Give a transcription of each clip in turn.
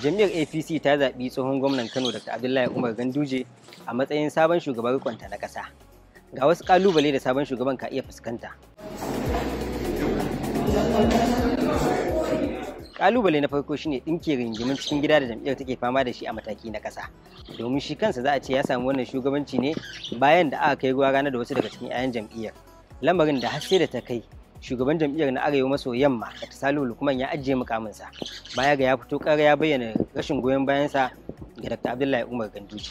jami'ar apc ta zaɓi tsohon gwamnan kano dr abdullahi umar ganduje a matsayin sabon shugaban rikonta na ƙasa ga wasu ƙalubale da sabon shugaban ka iya fuskanta Ƙalubale na farko shine ɗinke rigimin cikin gida da jam'iyyar take fama da shi a mataki na ƙasa domin shi kansa za a ce ya samu wannan shugabanci ne bayan da aka kai ruwa rana da wasu daga cikin 'ya'yan jam'iyyar lamarin da har da ta kai shugaban jam'iyyar na arewa maso yamma ta Salihu Lukman ya ajiye mukaminsa baya ga ya fito ƙara ya bayyana rashin goyon bayansa ga Dr. Abdullahi Umar Ganduje.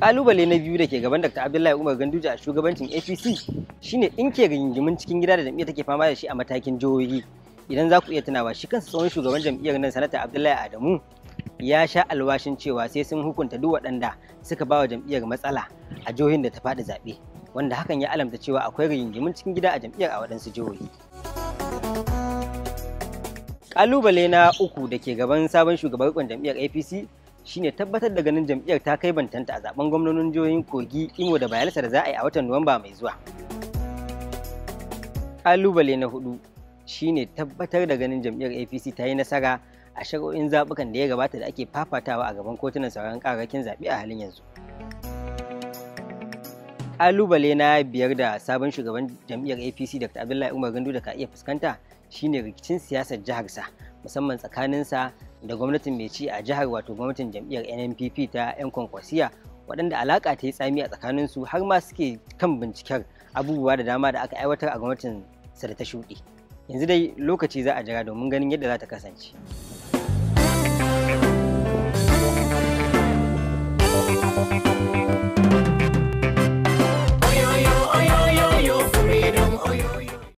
Kalubale na biyu da ke gaban Dr. Abdullahi Umar Ganduji a shugabancin APC shine ke rigingimin cikin gida da jam'iyyar take fama da shi a matakin jihohi. Idan za ku iya tunawa shi kansa tsohon shugaban jam'iyyar nan sanata Abdullahi Adamu ya sha alwashin cewa sai sun hukunta duk waɗanda suka bawa jam'iyyar matsala a jihohin da ta faɗi zaɓe. wanda hakan ya alamta cewa akwai rigingimin cikin gida a jam'iyyar a waɗansu jihohi. Ƙalubale na uku da ke gaban sabon shugaban riƙon jam'iyyar APC shine tabbatar da ganin jam'iyyar ta kai bantanta a zaben gwamnonin jihohin Kogi, Imo da Bayelsa da za a yi a watan Nuwamba mai zuwa. Ƙalubale na hudu shine tabbatar da ganin jam'iyyar APC ta yi nasara a shari'o'in zaɓukan da ya gabata da ake fafatawa a gaban kotunan sauran ƙararrakin zaɓe a halin yanzu. kalubale na biyar da sabon shugaban jam'iyyar apc dr abdullahi umar gandu da ka iya fuskanta shine rikicin siyasar jihar sa musamman tsakaninsa da gwamnatin mai ci a jihar wato gwamnatin jam'iyyar nnpp ta 'yan kwankwasiya waɗanda alaka ta yi tsami a tsakaninsu har ma suke kan binciken abubuwa da dama da aka aiwatar a gwamnatin sa da ta shuɗe yanzu dai lokaci za a jira domin ganin yadda za ta kasance.